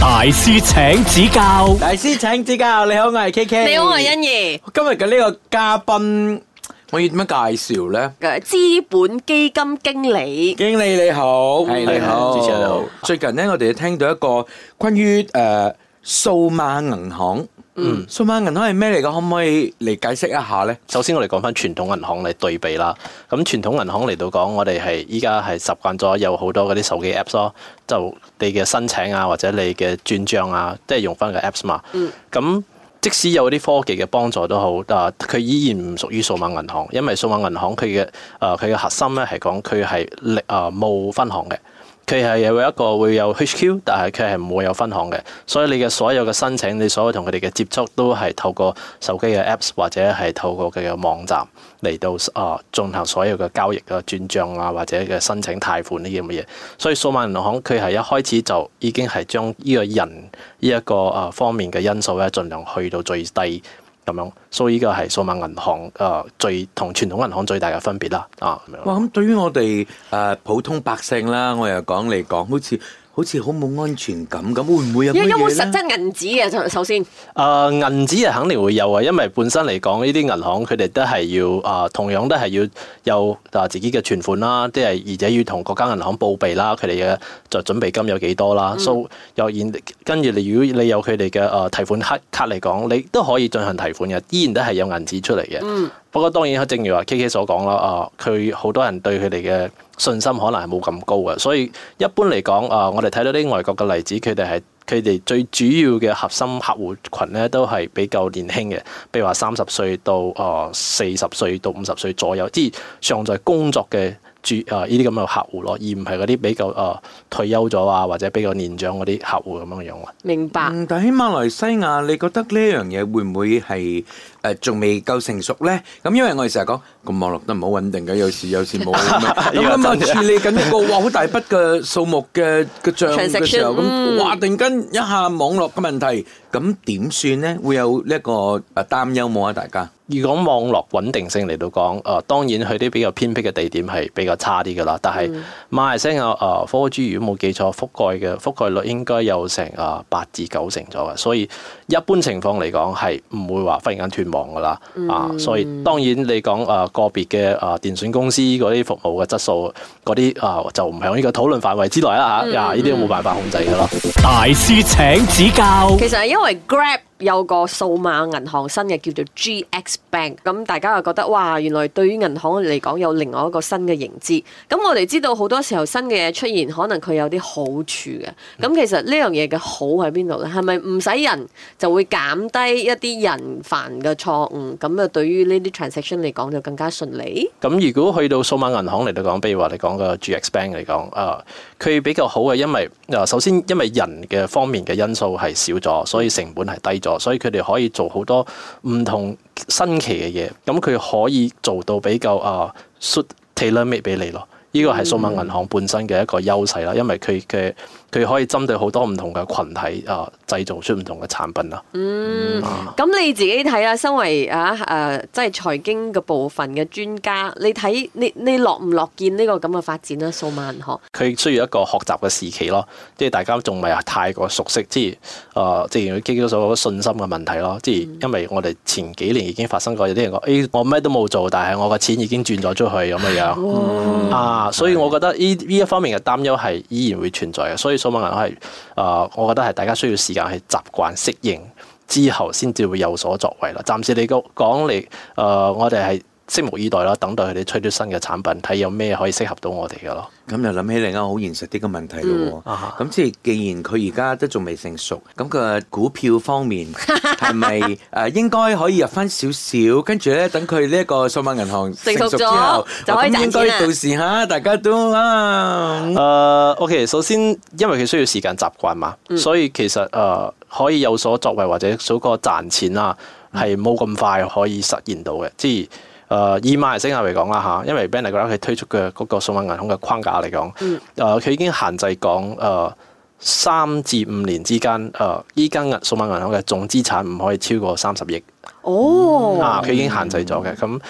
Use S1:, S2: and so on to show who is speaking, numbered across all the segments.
S1: 大師請指教，大師請指教。你好，我係 KK。你好，我係欣宜。今日嘅呢個嘉賓，我要點樣介紹咧？
S2: 誒，資本基金經理、經
S1: 理你好，係你好，主持人好。最近咧，我哋聽到一個關於誒數碼銀行。嗯，數碼銀行係咩嚟噶？可唔可以嚟解釋一下咧？首先我哋講翻傳統銀行嚟對比啦。咁傳
S3: 統銀行嚟到講，我哋係依家係習慣咗有好多嗰啲手機 Apps 咯，就你嘅申請啊，或者你嘅轉帳啊，即係用翻個 Apps 嘛。咁、嗯、即使有啲科技嘅幫助都好，但佢依然唔屬於數碼銀行，因為數碼銀行佢嘅誒佢嘅核心咧係講佢係力啊、呃、冇分行嘅。佢係有一個會有 HQ 但係佢係唔會有分行嘅，所以你嘅所有嘅申請，你所有同佢哋嘅接觸都係透過手機嘅 Apps 或者係透過佢嘅網站嚟到啊進行所有嘅交易嘅轉帳啊或者嘅申請貸款呢啲咁嘅嘢，所以數碼銀行佢係一開始就已經係將呢個人呢一個啊方面嘅因素咧，儘量去到最低。咁樣，所以呢個係數碼銀行誒，最同傳統銀行最大嘅分別啦，
S1: 啊！哇！咁對於我哋誒普通百姓啦，我又講嚟講，好似好似好冇安全感，咁會唔會有乜嘢咧？有冇實
S2: 質銀紙啊？首先，
S1: 誒銀紙啊，肯定
S3: 會有啊，因為本身嚟講，呢啲銀行佢哋都係要誒，同樣都係要有誒自己嘅存款啦，即係而且要同國家銀行報備啦，佢哋嘅在準備金有幾多啦，所以又現。跟住你，如果你有佢哋嘅誒提款黑卡嚟講，你都可以進行提款嘅，依然都係有銀紙出嚟嘅。嗯、不過當然，正如話 KK 所講啦，啊、呃，佢好多人對佢哋嘅信心可能係冇咁高嘅，所以一般嚟講，啊、呃，我哋睇到啲外國嘅例子，佢哋係。佢哋最主要嘅核心客戶群咧，都係比較年輕嘅，比如話三十歲到啊四十歲到五十歲左右，即係尚在工作嘅住啊呢啲咁嘅客戶咯，而唔係嗰啲比較啊退休咗啊或者比較年長嗰啲客戶咁樣樣啊。
S1: 明白。但喺馬來西亞，你覺得呢樣嘢會唔會係？誒仲未夠成熟咧，咁因為我哋成日講個網絡都唔好穩定嘅，有時有時冇。咁咁啊， 嗯、處理緊一個哇好大筆嘅數目嘅嘅帳嘅時候，咁哇突然間一下網絡嘅問題，咁點算咧？會有呢一個誒擔憂冇啊？大家。如果網絡穩定性嚟到講，誒、呃，當然佢啲比較偏僻嘅地
S3: 點係比較差啲噶啦。但係、嗯、馬來西亞誒、呃、，4G 如果冇記錯，覆蓋嘅覆蓋率應該有成誒八至九成咗嘅，所以一般情況嚟講係唔會話忽然間斷網噶啦。嗯、啊，所以當然你講誒、呃、個別嘅誒電信公司嗰啲服務嘅質素，嗰啲啊就唔係喺呢個討論範圍之內啦吓。啊，呢啲冇辦法控制噶啦。大師請指
S2: 教。嗯、其實係因為 Grab。有個數碼銀行新嘅叫做 GX Bank，咁、嗯、大家又覺得哇，原來對於銀行嚟講有另外一個新嘅認知。咁、嗯、我哋知道好多時候新嘅嘢出現，可能佢有啲好處嘅。咁、嗯嗯、其實呢樣嘢嘅好喺邊度呢？係咪唔使人就會減低一啲人犯嘅錯誤？咁、嗯、啊、嗯，對於呢啲 transaction 嚟講就更加順利。
S3: 咁、嗯、如果去到數碼銀行嚟到講，比如話你講個 GX Bank 嚟講，啊、呃，佢比較好嘅，因為啊、呃，首先因為人嘅方面嘅因素係少咗，所以成本係低。所以佢哋可以做好多唔同新奇嘅嘢，咁佢可以做到比較啊，suit tailor made 俾你咯。呢個係數碼銀行本身嘅一個優勢啦，因為佢嘅。佢可以針對好多唔同嘅群體啊，製造出唔同嘅產品啦。嗯，
S2: 咁你自己睇下，身為啊誒，即係財經嘅部分嘅專家，你睇你你樂唔樂見呢個咁嘅發展啊？數碼銀
S3: 佢需要一個學習嘅時期咯，即係大家仲未啊，太過熟悉，即係啊，即係有所信心嘅問題咯。即係因為我哋前幾年已經發生過，有啲人講：誒，我咩都冇做，但係我嘅錢已經轉咗出去咁嘅樣啊。所以我覺得呢呢一方面嘅擔憂係依然會存在嘅，所以。數碼銀行係啊，我覺得係大家需要時間去習慣適應之後先至會有所作為啦。暫時你講嚟，誒、呃，我哋係。拭目以待啦，等待佢哋出咗新嘅產品，
S1: 睇有咩可以適合到我哋嘅咯。咁又諗起另一個好現實啲嘅問題咯。咁、啊、即係既然佢而家都仲未成熟，咁佢股票方面係咪誒應該可以入翻少少？跟住咧，等佢呢一個數碼銀行成熟之後，就啊、應該到時吓大家都啊誒、呃、OK。首先，因為佢需要時間
S3: 習慣嘛，嗯、所以其實誒、呃、可以有所作為或者數個賺錢啊，係冇咁快可以實現到嘅，即係。誒以馬來西亞嚟講啦吓，因為 Bank Negara 佢推出嘅嗰個數碼銀行嘅框架嚟講，誒佢、嗯呃、已經限制講誒三至五年之間，誒依間銀數碼銀行嘅總資產唔可以超過三十億。
S2: 哦，啊佢已經限
S3: 制咗嘅，咁、嗯、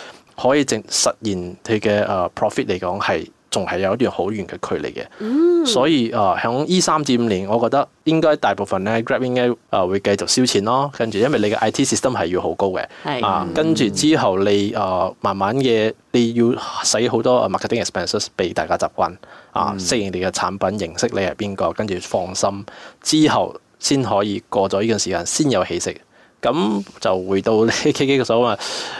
S3: 可以證實現佢嘅誒 profit 嚟講係，仲係有一段好遠嘅距離嘅，mm. 所以啊，喺呢三至五年，我覺得應該大部分咧，Grab 應該啊會繼續燒錢咯。跟住，因為你嘅 IT 系統係要好高嘅，mm. 啊，跟住之後你啊、呃、慢慢嘅你要使好多 marketing expenses 俾大家習慣，啊，mm. 適應你嘅產品形式，你係邊個，跟住放心，之後先可以過咗呢段時間，先有起色。咁就回到呢 K K 嘅數啊，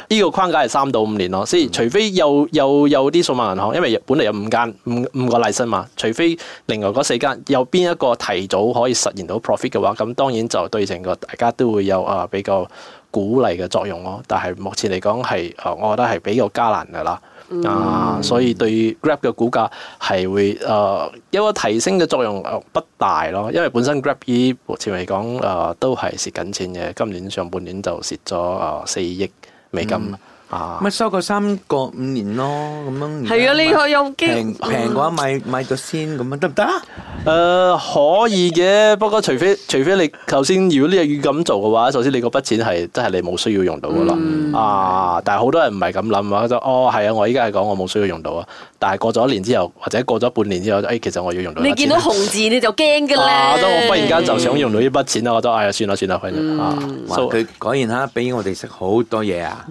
S3: 呢個框架係三到五年咯，所以除非又，又有有啲數碼銀行，因為本嚟有五間五五個例身嘛，除非另外嗰四間有邊一個提早可以實現到 profit 嘅話，咁當然就對成個大家都會有啊比較鼓勵嘅作用咯。但係目前嚟講係，我覺得係比較加難噶啦。嗯、啊，所以對 Grab 嘅股價係會誒一個提升嘅作用不大咯，因為本身 Grab 以目前嚟講誒都係蝕緊錢嘅，今年上半年就蝕咗誒四億美金。嗯。
S1: 乜收個三個五年咯，咁樣係啊，你
S2: 可以用驚，平嘅話
S1: 買買咗先，咁樣得唔得？誒，可以
S3: 嘅，不過除非除非你頭先如果呢樣嘢咁做嘅話，首先你嗰筆錢係真係你冇需要用到噶啦，啊！但係好多人唔係咁諗話，就哦係啊，我依家係講我冇需要用到啊，但係過咗一年之後或者過咗半年之後，其實我要用到。你見到紅字
S2: 你就驚嘅咧，我忽然間就想用到
S3: 呢筆錢我覺得：「哎呀，算啦算啦，佢。嗯，佢講然吓，俾我哋
S1: 食好多嘢啊。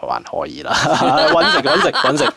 S1: 還可以啦，揾 食揾食揾食。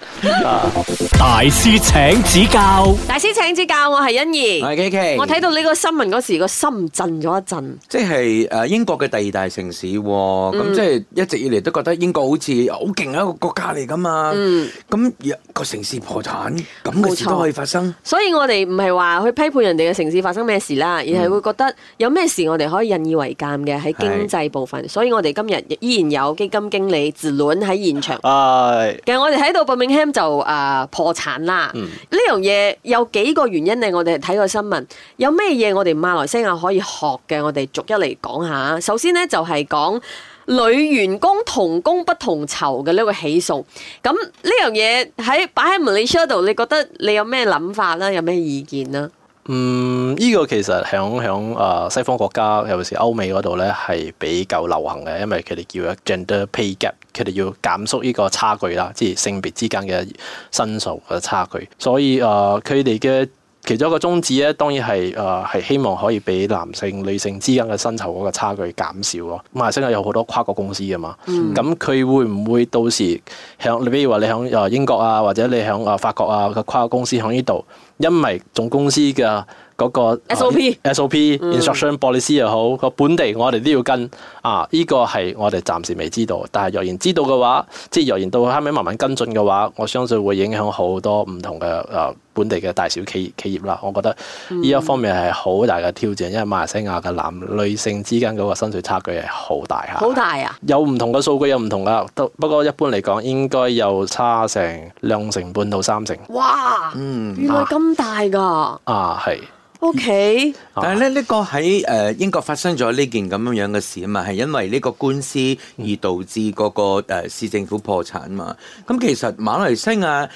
S1: 大師請指教，
S2: 大師請指教，我係欣怡，我係 K K。我睇到呢個新聞嗰時，個心震咗一震，
S1: 即係誒，英國嘅第二大城市，咁、嗯、即係一直以嚟都覺得英國好似好勁一個國家嚟噶嘛。咁、嗯、個城市破產，咁嘅事都可以發生。
S2: 所以我哋唔係話去批判人哋嘅城市發生咩事啦，而係會覺得有咩事我哋可以引以為鑒嘅喺經濟部分。是所以我哋今日依然有基金經理子倫管喺現場，哎、其實我哋睇到伯明翰就啊破產啦。呢樣嘢有幾個原因咧？我哋睇過新聞，有咩嘢我哋馬來西亞可以學嘅？我哋逐一嚟講下。首先咧就係、是、講女員工同工不同酬嘅呢、這個起訴。咁呢樣嘢喺擺喺 Malaysia 度，你覺得你有咩諗法啦？有咩意見啦？
S3: 嗯，呢、這個其實響響誒西方國家，尤其是歐美嗰度咧，係比較流行嘅，因為佢哋叫啊 gender pay gap，佢哋要減縮呢個差距啦，即係性別之間嘅薪酬嘅差距。所以誒，佢哋嘅其中一個宗旨咧，當然係誒係希望可以俾男性、女性之間嘅薪酬嗰個差距減少咯。咁啊，而家有好多跨國公司嘅嘛，咁佢、嗯、會唔會到時響？你比如話你響誒英國啊，或者你響誒法國啊嘅跨國公司響呢度，因為總公司嘅嗰、那個 SOP、SOP、Instruction Policies 又好，個、嗯、本地我哋都要跟啊。呢、這個係我哋暫時未知道，但係若然知道嘅話，即係若然到後尾慢慢跟進嘅話，我相信會影響好多唔同嘅誒。呃本地嘅大小企業企業啦，我覺得呢一方面係好大嘅挑戰，因為馬來西亞嘅男女性之間嗰個薪水差距係好大嚇。好大啊！有唔同嘅數據有唔同噶，不過一般嚟講應該有差成兩成半到三
S1: 成。哇！
S2: 嗯，原來咁大㗎。啊，係。啊，OK，
S1: 啊，但係咧呢個喺誒英國發生咗呢件咁樣樣嘅事啊嘛，係因為呢個官司而導致嗰個市政府破產啊嘛。咁其實馬來西亞。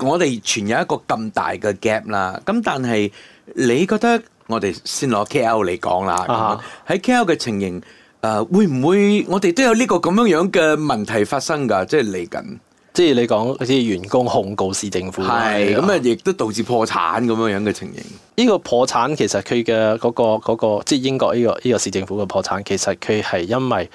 S1: 我哋存有一個咁大嘅 gap 啦，咁但係你覺得我哋先攞 KL 嚟講啦，喺、啊、KL 嘅情形，誒、呃、會唔會我哋都有呢個咁樣樣嘅問題發生㗎？即係嚟緊，即係你講啲員工控告
S3: 市政府，咁係啊亦都導致破產咁樣樣嘅情形。呢個破產其實佢嘅嗰個、嗰個嗰個、即係英國呢、呢個呢、呢個市政府嘅破產，其實佢係因為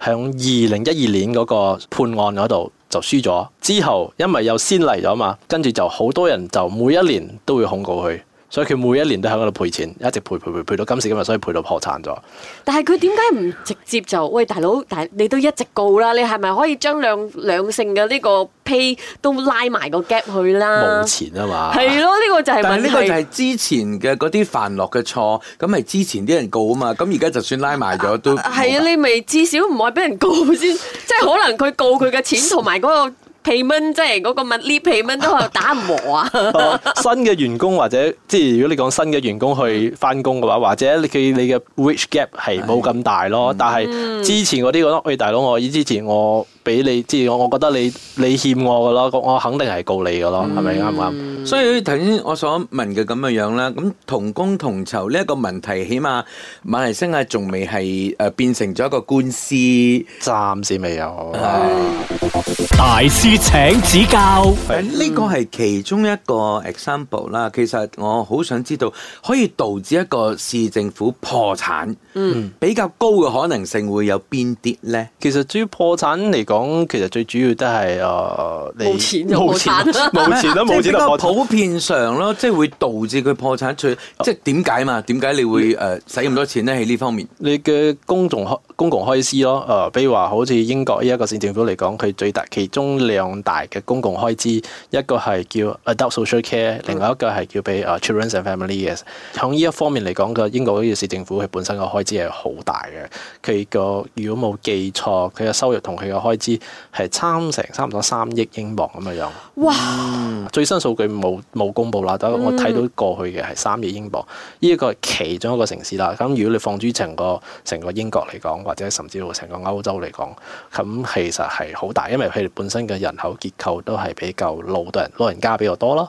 S3: 響二零一二年嗰個判案嗰度。就輸咗。之後因為有先例咗嘛，跟住就好多人就每一年都會控過去。所以佢每一年都喺嗰度賠錢，一直賠賠賠賠，賠到今時今日，所以賠到破產咗。
S2: 但係佢點解唔直接就喂大佬，大，大你都一直告啦，你係咪可以將兩兩性嘅呢個 pay 都拉埋個 gap 去啦？冇錢
S1: 啊嘛，係咯，呢個就係問。但係呢個就係之前嘅嗰啲犯落嘅錯，咁係之前啲人告啊嘛，咁而家就算拉埋咗都
S2: 係啊，啊你咪至少唔係俾人告先， 即係可能佢告佢嘅錢同埋嗰。 皮蚊即係嗰個蚊，呢皮蚊都係打唔和啊！
S3: 新嘅員工或者即係、就是、如果你講新嘅員工去返工嘅話，或者佢你嘅 wage gap 係冇咁大咯，但係之前嗰啲我咯，喂、哎、大佬我，以之前我。俾你，即係我，我覺得你你欠我噶咯，我肯定係告你噶咯，
S1: 係咪啱唔啱？是是嗯、所以頭先我所問嘅咁嘅樣啦，咁同工同酬呢一個問題起，起碼馬來西亞仲未係誒、呃、變成咗一個官司，暫時未有。唉大師請指教，誒呢個係其中一個 example 啦。其實我好想知道，可以導致一個市政府破產，嗯，比較高嘅可能性會有邊啲咧？其實至於破產嚟講，講其實最主要都係啊冇錢，冇錢，冇錢啦，冇錢都破產。普遍上咯，即係會導致佢破產。最即係點解嘛？點解你會誒使咁多錢咧？喺呢方面，你嘅公眾開公共開支咯。誒、呃，比如話
S3: 好似英國呢一個市政府嚟講，佢最大其中兩大嘅公共開支，一個係叫 Adult Social Care，另外一個係叫俾啊、uh, Children and Families。響呢一方面嚟講，個英國呢個市政府佢本身個開支係好大嘅。佢個如果冇記錯，佢嘅收入同佢嘅開支。係三成，差唔多三億英鎊咁嘅樣，哇！最新數據冇冇公佈啦，但我睇到過去嘅係三億英鎊。呢一個係其中一個城市啦，咁如果你放諸成個成個英國嚟講，或者甚至乎成個歐洲嚟講，咁其實係好大，因為佢哋本身嘅人口結構都係比較老，多人老人家比較多啦。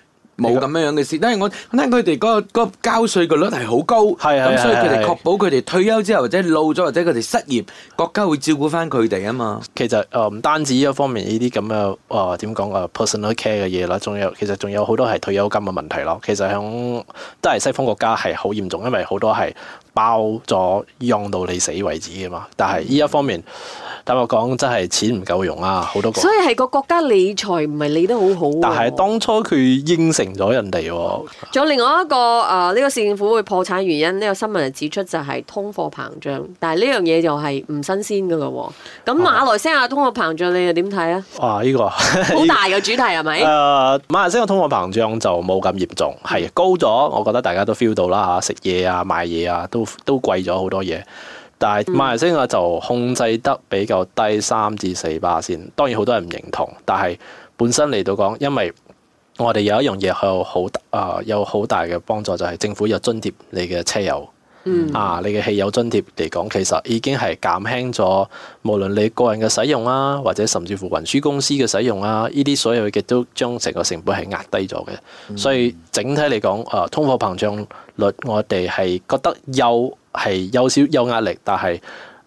S1: 冇咁樣樣嘅事，但係我聽佢哋嗰個、嗰個交稅嘅率係好高，咁係啊所以佢哋確保佢哋退休之後或者老咗或者佢哋失業，國家會照顧翻佢哋啊
S3: 嘛。其實誒唔單止呢一方面呢啲咁嘅誒點講誒 personal care 嘅嘢啦，仲有其實仲有好多係退休金嘅問題咯。其實響都係西方國家係好嚴重，因為好多係包咗用到你死為止嘅嘛。但係呢一方面，坦白、嗯、講真係錢唔夠用啊，好多個。所以
S2: 係個國家理財唔係理得好好啊。但係當初
S3: 佢應承。咗人哋、哦，
S2: 仲有另外一個，誒、呃，呢、這個市政府會破產原因，呢、這個新聞指出就係通貨膨脹，但係呢樣嘢就係唔新鮮嘅咯、哦。咁馬來西亞通貨膨脹你又點睇啊？
S3: 哇、這個，呢個
S2: 好大嘅主題係咪？誒、這
S3: 個呃，馬來西亞通貨膨脹就冇咁嚴重，係高咗，我覺得大家都 feel 到啦嚇，食、啊、嘢啊、買嘢啊都都貴咗好多嘢。但係馬來西亞就控制得比較低三至四巴仙，當然好多人唔認同，但係本身嚟到講，因為我哋有一樣嘢係好啊，有好大嘅幫助，就係、是、政府有津貼你嘅車油，嗯、啊，你嘅汽油津貼嚟講，其實已經係減輕咗，無論你個人嘅使用啊，或者甚至乎運輸公司嘅使用啊，呢啲所有嘅都將成個成本係壓低咗嘅，嗯、所以整體嚟講，啊、呃，通貨膨脹率我哋係覺得又係有少有壓力，但係。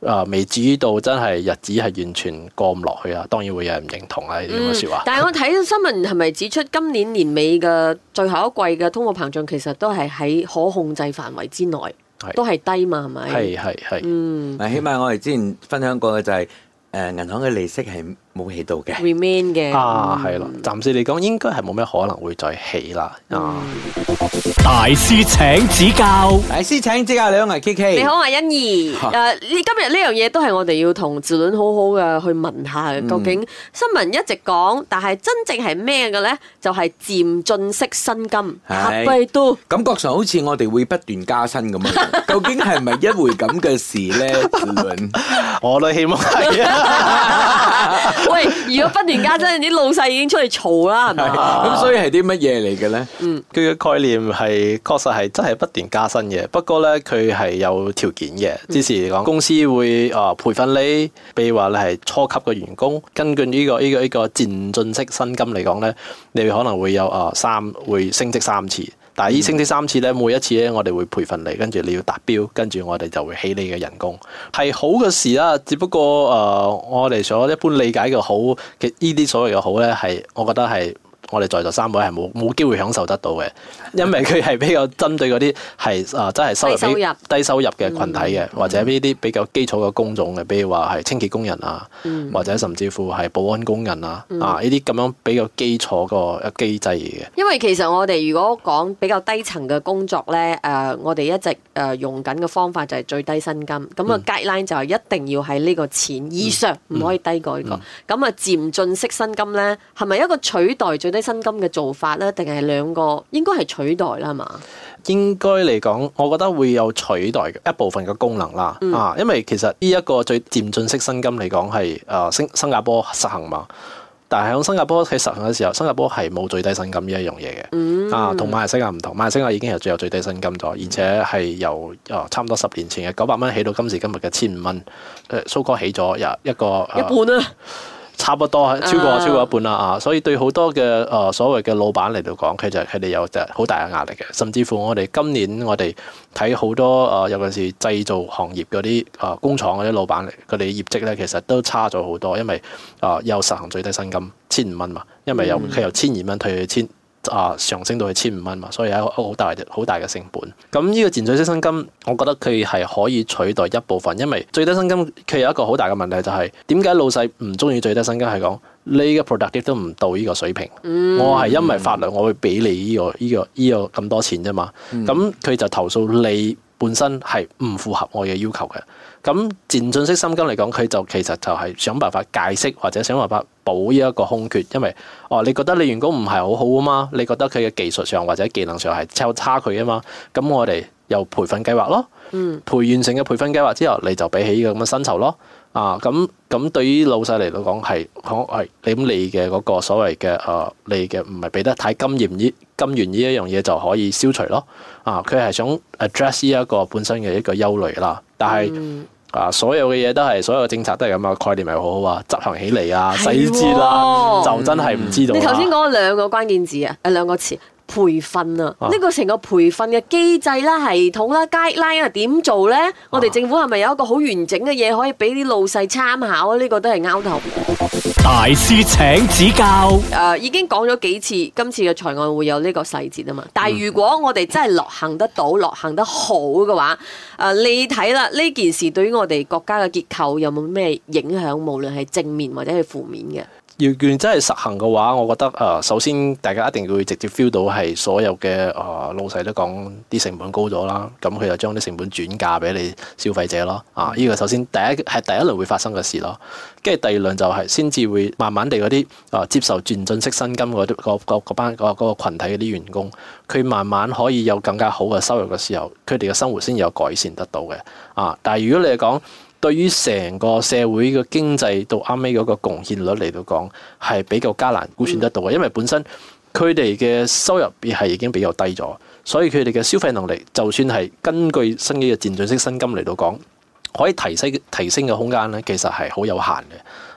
S3: 啊！未至於到真係日子係完全過唔落去啊，當然會有人唔認同啊呢啲咁嘅説話。但
S2: 係我睇新聞係咪指出今年年尾嘅最後一季嘅通貨膨脹其實都係喺可控制範圍之內，是都係低嘛係咪？係係係。嗯，嗱，
S1: 起碼我哋之前分享過嘅就係、是、誒、呃、銀行嘅利息係。冇起到嘅
S2: ，remain 嘅啊，係咯，
S1: 暫時嚟講，應該係冇咩可
S3: 能會再起啦。啊，大師請指
S1: 教，大師請指教，兩位 K K，你好，阿欣怡，誒，
S2: 今日呢樣嘢都係我哋要同子倫好好嘅去問下，究竟新聞一直講，但係真正係咩嘅咧？就係漸進式薪金，係
S1: 都感覺上好似我哋會不斷加薪咁樣！究竟係咪一回咁嘅事咧？子倫，我都希望係啊。
S2: 喂，如果不斷加薪，啲 老細已經出嚟嘈啦，係咪的？咁、啊、所以係
S3: 啲乜嘢嚟嘅咧？嗯，佢嘅概念係確實係真係不斷加薪嘅，不過咧佢係有條件嘅，即是嚟講公司會啊、呃、培訓你，譬如話你係初級嘅員工，根據呢個、呢個、呢個、呢個、呢個漸進式薪金嚟講咧，你可能會有啊、呃、三會升職三次。但係呢星期三次咧，每一次咧，我哋會培訓你，跟住你要達標，跟住我哋就會起你嘅人工，係好嘅事啦、啊。只不過誒、呃，我哋所一般理解嘅好嘅，依啲所謂嘅好咧，係我覺得係。我哋在座三位係冇冇機會享受得到嘅，因為佢係比較針對嗰啲係啊，真係收入低收入嘅群體嘅，嗯、或者呢啲比較基礎嘅工種嘅，嗯、比如話係清潔工人啊，嗯、或者甚至乎係保安工人、嗯、啊啊呢啲咁樣比較基礎個機制嘅。
S2: 因為其實我哋如果講比較低層嘅工作咧，誒、uh，我哋一直誒用緊嘅方法就係最低薪金，咁啊 guideline 就係一定要喺呢個錢、嗯、以上，唔可以低過呢、呢個。咁啊，漸進式薪金咧，係咪一個取代最低？薪金嘅做法咧，定係兩個應該係取代啦嘛？
S3: 應該嚟講，我覺得會有取代一部分嘅功能啦。啊、嗯，因為其實呢一個最漸進式薪金嚟講，係誒新新加坡實行嘛。但係喺新加坡喺實行嘅時候，新加坡係冇最低薪金呢一樣嘢嘅。嗯、啊，同馬來西亞唔同，馬來西亞已經係最有最低薪金咗，而且係由差唔多十年前嘅九百蚊起到今時今日嘅千五蚊。誒、呃，蘇哥起咗有一個、呃、一半啊！差不多超過超過一半啦啊！所以對好多嘅誒、呃、所謂嘅老闆嚟到講，其實佢哋有就好大嘅壓力嘅。甚至乎我哋今年我哋睇好多誒尤其是製造行業嗰啲誒工廠嗰啲老闆，佢哋業績咧其實都差咗好多，因為啊又、呃、實行最低薪金千五蚊嘛，因為又佢由千二蚊退去千。啊！上升到去千五蚊嘛，所以係好大好大嘅成本。咁、嗯、呢個漸進式薪金，我覺得佢係可以取代一部分，因為最低薪金佢有一個好大嘅問題就係、是，點解老細唔中意最低薪金？係講呢個 productive 都唔到呢個水平。嗯、我係因為法律我會俾你呢個呢個呢個咁多錢啫嘛。咁、嗯、佢、嗯、就投訴你本身係唔符合我嘅要求嘅。咁、嗯、漸進式薪金嚟講，佢就其實就係想辦法解釋或者想辦法。補呢一個空缺，因為哦，你覺得你員工唔係好好啊嘛？你覺得佢嘅技術上或者技能上係有差距啊嘛？咁我哋又培訓計劃咯，嗯，培完成嘅培訓計劃之後，你就俾起呢個咁嘅薪酬咯。啊，咁咁對於老細嚟到講係，係你咁你嘅嗰個所謂嘅誒，你嘅唔係俾得太金嫌呢金嫌呢一樣嘢就可以消除咯。啊，佢係想 address 呢一個本身嘅一個憂慮啦，但係。嗯啊！所有嘅嘢都係，所有政策都係咁啊，概念係好好啊，執行起嚟啊，細節啦，就真係唔知道，啊。你頭先
S2: 講兩個關鍵字啊，誒、呃、兩個詞。培訓啊，呢、啊、個成個培訓嘅機制啦、啊、系統啦、啊、guideline 啊點做呢？啊、我哋政府係咪有一個好完整嘅嘢可以俾啲老細參考啊？呢、這個都係拗頭。
S3: 大師請指
S2: 教。誒、呃，已經講咗幾次，今次嘅財案會有呢個細節啊嘛。但係如果我哋真係落行得到，落、嗯、行得好嘅話，誒、呃，你睇啦，呢件事對於我哋國家嘅結構有冇咩影響？無論係正面或者係負面嘅。
S3: 要真係實行嘅話，我覺得誒、呃，首先大家一定要直接 feel 到係所有嘅誒、呃、老細都講啲成本高咗啦，咁佢、嗯、就將啲成本轉嫁俾你消費者咯。啊，依、呢個首先第一係第一輪會發生嘅事咯。跟住第二輪就係先至會慢慢地嗰啲誒接受轉進式薪金嗰班嗰嗰個羣體嗰啲員工，佢慢慢可以有更加好嘅收入嘅時候，佢哋嘅生活先有改善得到嘅。啊，但係如果你講，對於成個社會嘅經濟到啱尾嗰個貢獻率嚟到講，係比較艱難估算得到嘅，因為本身佢哋嘅收入亦係已經比較低咗，所以佢哋嘅消費能力，就算係根據新嘅漸進式薪金嚟到講，可以提升提升嘅空間咧，其實係好有限嘅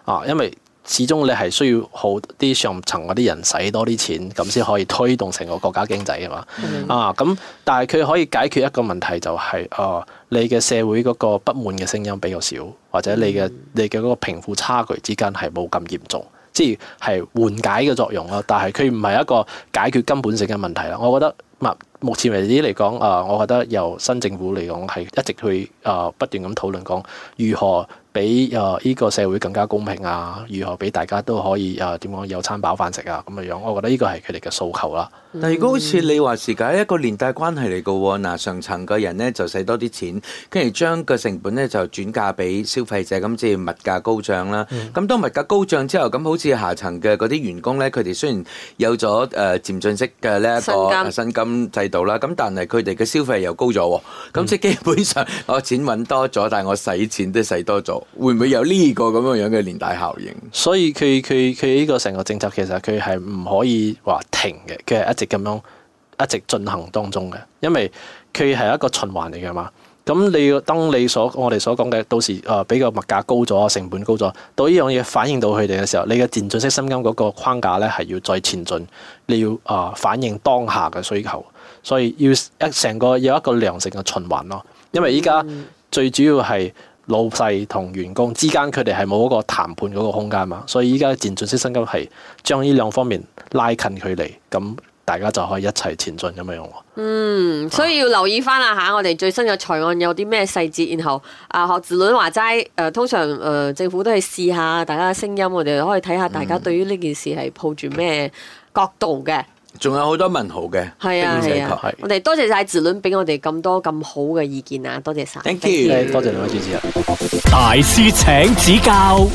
S3: 啊，因為。始終你係需要好啲上層嗰啲人使多啲錢，咁先可以推動成個國家經濟啊嘛。Mm. 啊，咁但係佢可以解決一個問題、就是，就係啊，你嘅社會嗰個不滿嘅聲音比較少，或者你嘅你嘅嗰個貧富差距之間係冇咁嚴重，即係緩解嘅作用咯。但係佢唔係一個解決根本性嘅問題啦。我覺得，啊、目前為止嚟講，啊，我覺得由新政府嚟講係一直去、啊、不斷咁討論講如何。俾誒呢、呃這個社會更加公平啊！如何俾大家都可以誒點講有餐飽飯食啊？咁嘅樣，我覺得呢個係佢哋嘅訴求
S1: 啦。嗯、但如果好似你話是解一個連帶關係嚟嘅喎，嗱、呃、上層嘅人咧就使多啲錢，跟住將個成本咧就轉嫁俾消費者，咁即係物價高漲啦。咁、嗯、當物價高漲之後，咁好似下層嘅嗰啲員工咧，佢哋雖然有咗誒、呃、漸進式嘅呢一個薪金，薪金制度啦，咁但係佢哋嘅消費又高咗喎。咁即係基本上我錢揾多咗，但係我使錢都使多咗。多會唔會有呢個咁樣樣嘅連帶效應？
S3: 所以佢佢佢呢個成個政策，其實佢係唔可以話停嘅，佢係一直咁樣一直進行當中嘅。因為佢係一個循環嚟嘅嘛。咁你要當你所我哋所講嘅到時誒、呃、俾個物價高咗、成本高咗，到呢樣嘢反映到佢哋嘅時候，你嘅漸進式薪金嗰個框架咧係要再前進，你要啊、呃、反映當下嘅需求，所以要一成個有一個良性嘅循環咯。因為依家最主要係。老細同員工之間，佢哋係冇一個談判嗰個空間嘛，所以依家漸進式薪金係將呢兩方面拉近距離，咁大家就可以一齊前進咁樣。
S2: 嗯，所以要留意翻啊吓，我哋最新嘅草案有啲咩細節，然後啊，黃子倫話齋，誒、啊，通常誒、呃，政府都係試下大家嘅聲音，我哋可以睇下大家對於呢件事係抱住咩角度嘅。嗯嗯仲
S1: 有好多問號嘅，係啊係啊，啊啊我哋
S2: 多，多謝晒子倫俾我哋咁多咁好嘅意見啊，多謝晒，多謝多謝兩位主持人大師請指教。